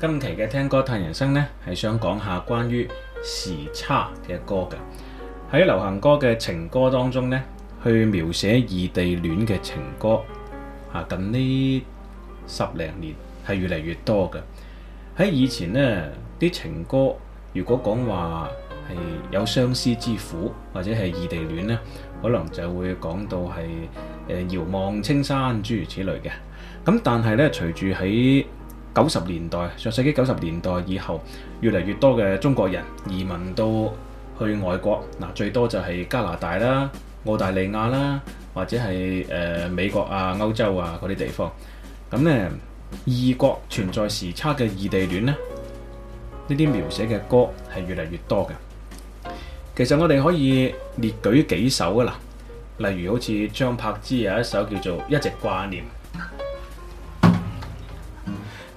今期嘅聽歌嘆人生呢，係想講一下關於時差嘅歌嘅。喺流行歌嘅情歌當中呢，去描寫異地戀嘅情歌，啊近呢十零年係越嚟越多嘅。喺以前呢啲情歌如果講話係有相思之苦或者係異地戀呢，可能就會講到係誒遙望青山諸如此類嘅。咁但係呢，隨住喺九十年代，上世紀九十年代以後，越嚟越多嘅中國人移民到去外國，嗱最多就係加拿大啦、澳大利亞啦，或者係誒、呃、美國啊、歐洲啊嗰啲地方。咁呢，異國存在時差嘅異地戀呢，呢啲描寫嘅歌係越嚟越多嘅。其實我哋可以列舉幾首㗎喇，例如好似張柏芝有一首叫做《一直掛念》。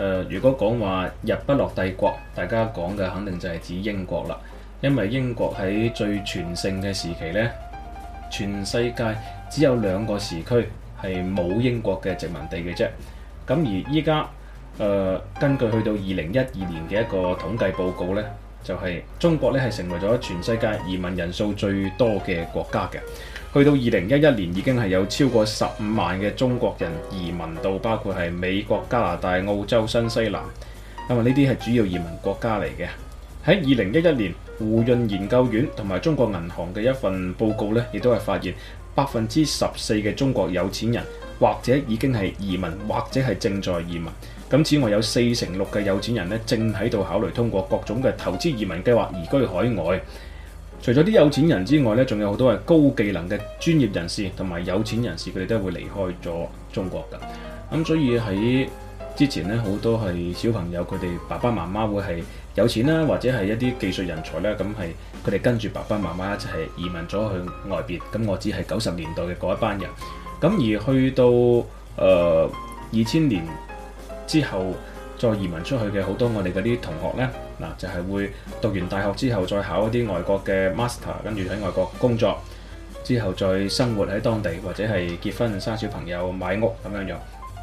誒，如果講話日不落帝國，大家講嘅肯定就係指英國啦，因為英國喺最全盛嘅時期呢，全世界只有兩個時區係冇英國嘅殖民地嘅啫。咁而依家，呃，根據去到二零一二年嘅一個統計報告呢。就係中國咧，係成為咗全世界移民人數最多嘅國家嘅。去到二零一一年，已經係有超過十五萬嘅中國人移民到包括係美國、加拿大、澳洲、新西蘭，因為呢啲係主要移民國家嚟嘅。喺二零一一年，胡潤研究院同埋中國銀行嘅一份報告咧，亦都係發現百分之十四嘅中國有錢人，或者已經係移民，或者係正在移民。咁此外，有四成六嘅有錢人咧，正喺度考慮通過各種嘅投資移民計劃移居海外。除咗啲有錢人之外咧，仲有好多係高技能嘅專業人士同埋有，有錢人士，佢哋都會離開咗中國噶。咁所以喺之前咧，好多係小朋友佢哋爸爸媽媽會係有錢啦，或者係一啲技術人才啦，咁係佢哋跟住爸爸媽媽一齊移民咗去外邊。咁我只係九十年代嘅嗰一班人。咁而去到呃，二千年。之後再移民出去嘅好多我哋嗰啲同學呢，嗱就係會讀完大學之後再考一啲外國嘅 Master，跟住喺外國工作，之後再生活喺當地或者係結婚生小朋友買屋咁樣樣。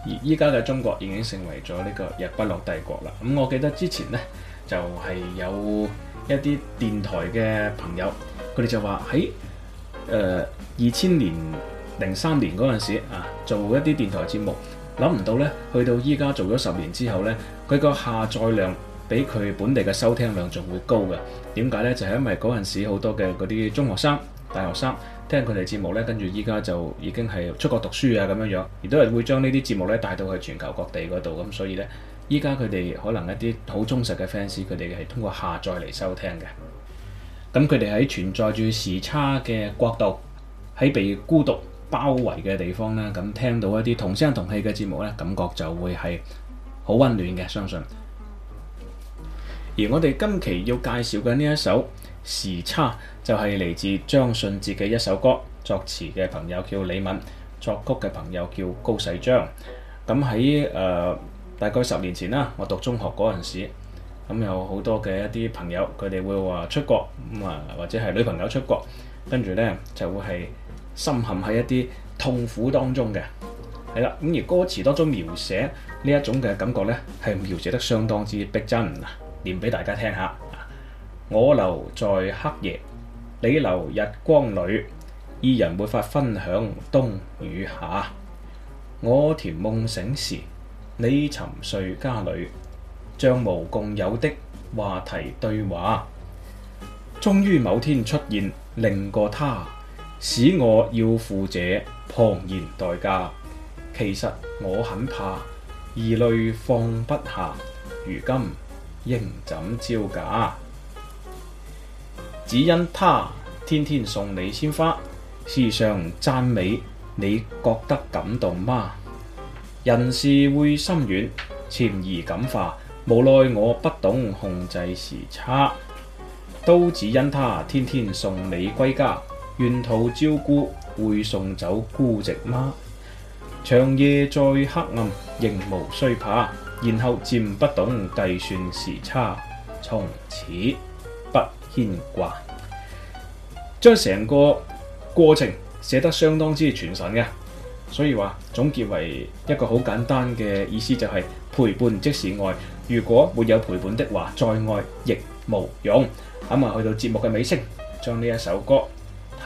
而依家嘅中國已經成為咗呢個日不落帝國啦。咁我記得之前呢，就係有一啲電台嘅朋友，佢哋就話喺誒二千年零三年嗰陣時啊，做一啲電台節目。諗唔到咧，去到依家做咗十年之後咧，佢個下載量比佢本地嘅收聽量仲會高嘅。點解咧？就係、是、因為嗰陣時好多嘅嗰啲中學生、大學生聽佢哋節目咧，跟住依家就已經係出國讀書啊咁樣樣，而都係會將呢啲節目咧帶到去全球各地嗰度。咁所以咧，依家佢哋可能一啲好忠實嘅 fans，佢哋係通過下載嚟收聽嘅。咁佢哋喺存在住時差嘅角度，喺被孤獨包圍嘅地方咧，咁聽到一啲同聲同氣嘅節目咧，感覺就會係好溫暖嘅。相信而我哋今期要介紹嘅呢一首《時差》，就係嚟自張信哲嘅一首歌，作詞嘅朋友叫李敏，作曲嘅朋友叫高世章。咁喺誒大概十年前啦，我讀中學嗰陣時，咁有好多嘅一啲朋友，佢哋會話出國咁啊，或者係女朋友出國，跟住咧就會係深陷喺一啲痛苦當中嘅，係啦。咁而歌詞多咗描寫呢一種嘅感覺呢，係描寫得相當之逼真啊！念俾大家聽下。我留在黑夜，你留日光裏，二人沒法分享冬與夏。我甜夢醒時，你沉睡家裏，像無共有的話題對話。終於某天出現，另個他。使我要付這龐然代價，其實我很怕，疑慮放不下，如今應怎招架？只因他天天送你鮮花，時常讚美，你覺得感動嗎？人事會心軟，潛移感化，無奈我不懂控制時差，都只因他天天送你歸家。沿途照顧會送走孤寂嗎？長夜再黑暗仍無需怕，然後漸不懂計算時差，從此不牽掛。將成個過程寫得相當之傳神嘅，所以話總結為一個好簡單嘅意思，就係陪伴即是愛。如果沒有陪伴的話，再愛亦無用。咁啊，去到節目嘅尾聲，將呢一首歌。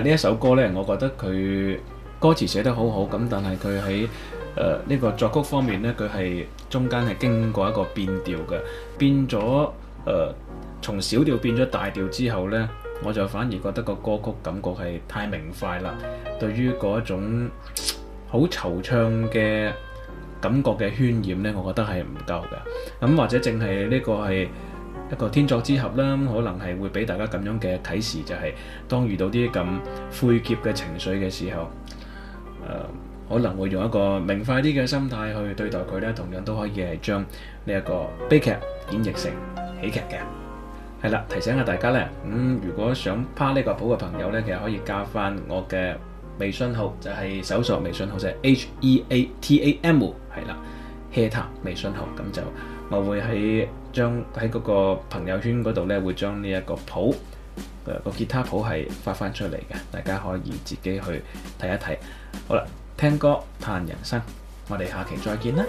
呢一首歌呢，我覺得佢歌詞寫得好好，咁但係佢喺誒呢個作曲方面呢，佢係中間係經過一個變調嘅，變咗誒從小調變咗大調之後呢，我就反而覺得個歌曲感覺係太明快啦，對於嗰一種好惆悵嘅感覺嘅渲染呢，我覺得係唔夠嘅，咁或者淨係呢個係。一個天作之合啦，可能係會俾大家咁樣嘅提示，就係、是、當遇到啲咁灰澀嘅情緒嘅時候、呃，可能會用一個明快啲嘅心態去對待佢咧，同樣都可以係將呢一個悲劇演繹成喜劇嘅。係啦，提醒下大家咧，咁、嗯、如果想拍呢個譜嘅朋友咧，其實可以加翻我嘅微信號，就係、是、搜索微信號就係、是、H E A T A M 係啦，Heita 微信號咁就。我會喺將喺嗰個朋友圈嗰度咧，會將呢一個譜，個吉他譜係發翻出嚟嘅，大家可以自己去睇一睇。好啦，聽歌嘆人生，我哋下期再見啦。